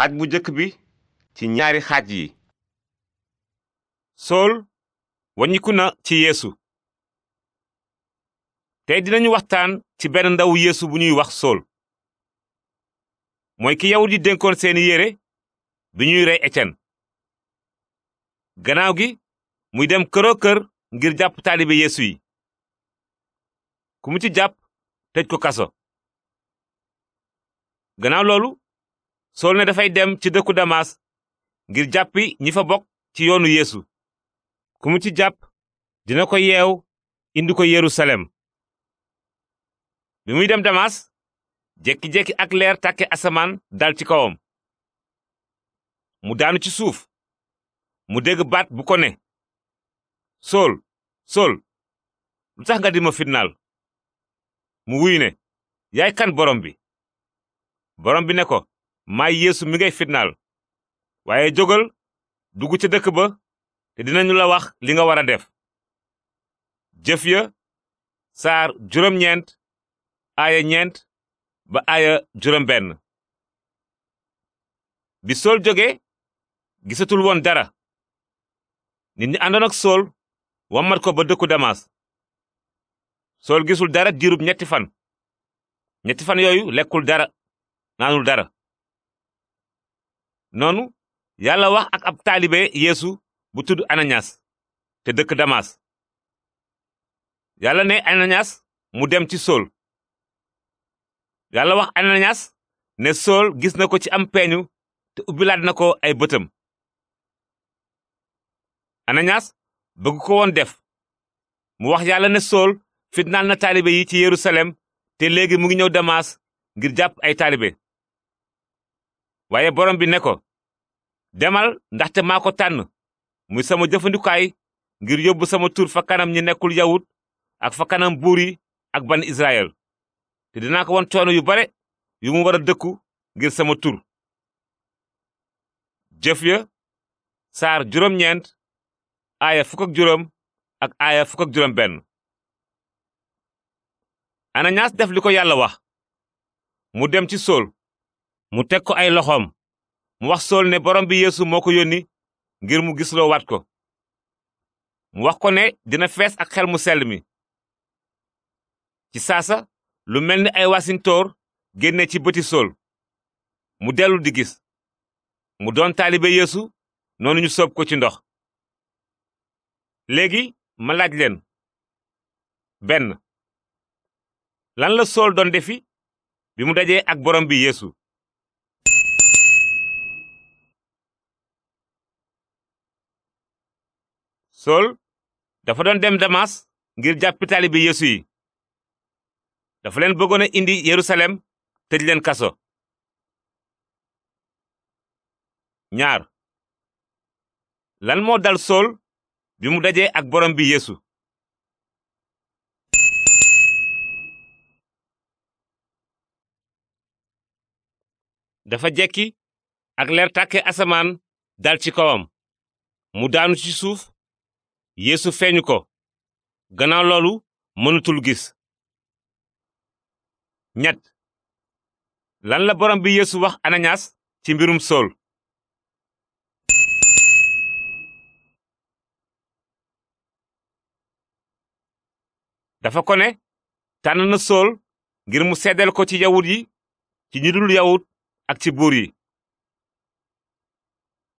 xaaj bu njëkk bi ci ñaari xaaj yi sool waññiku na ci yeesu tey dinañu waxtaan ci benn ndawu yéesu bu ñuy wax sool mooy ki yawut yi dénkoon seeni yére bi ñuy rey Étienne gannaaw gi muy dem këroo kër ngir jàpp taalibe yeesu yi ku mu ci jàpp tëj ko kaso gannaaw loolu sol ne dafay dem ci dëkku damas ngir jàppi ñi fa bokk ci yoonu yéesu ku mu ci jàpp dina ko yeew indi ko yerusalem bi muy dem damas jekki-jekki ak leer tàkke asamaan dal ci kawam mu daanu ci suuf mu dégg baat bu ko ne sol sol lu sax nga di ma fitnaal mu wuy ne yaay kan borom bi borom bi ne ko maay yéesu mi ngay fitnaal waaye jógal dugg ca dëkk ba te dinañu la wax li nga war a def jëf ya saar juróom ñeent aaya ñeent ba aaya juróom benn bi sool jóge gisatul woon dara nit ñi àndoon ak sool wammat ko ba dëkku damas sool gisul dara diirub ñetti fan ñetti fan yooyu lekkul dara naanul dara noonu yàlla wax ak ab taalibe yéesu bu tudd ananias te dëkk damas yàlla ne ananias mu dem ci sool yàlla wax ananias ne sool gis na ko ci am peeñu te ubbilaat na ko ay bëtam ananias bëgg ko woon def mu wax yàlla ne sool fitnaal na taalibe yi ci yerusalem te léegi mu ngi ñëw damas ngir jàpp ay taalibe waaye borom bi ne ko demal ndaxte maa ko tànn muy sama jëfandikaay ngir yóbbu sama tur fa ñi nekkul yawut ak fa kanam buur yi ak ban israel te dinaa ko won coono yu bare yu mu war a dëkku ngir sama tur jëf ya saar juróom-ñeent aaya fukk ak juróom ak aaya fukk juróom benn ananias def li ko yàlla wax mu dem ci sool mu teg ko ay loxoom mu wax sool ne borom bi yéesu moo ko yónni ngir mu gisloo waat ko mu wax ko ne dina fees ak xel mu sell mi ci saasa lu mel ni ay wasintóor génne ci bëti sool mu dellu di gis mu doon taalibe yéesu noonu ñu soob ko ci ndox léegi malaaj leen benn lan la sool doon defi bi mu dajee ak borom bi yéesu sol dafa doon dem damas ngir jàppi taalibe yeesu yi dafa leen bëggoon a indi yerusalem tëj leen kaso ñaar lan moo dal sool bi mu dajee ak borom bi yéesu dafa jekki ak leer takke asamaan dal ci kawam mu daanu ci suuf yeesu feeñu ko gannaaw loolu mënatul gis ñett lan la borom bi yéesu wax ananias ci mbirum sool dafa kone ne tànn na sool ngir mu seddeel ko ci yawut yi ci ñi dul yawut ak ci buur yi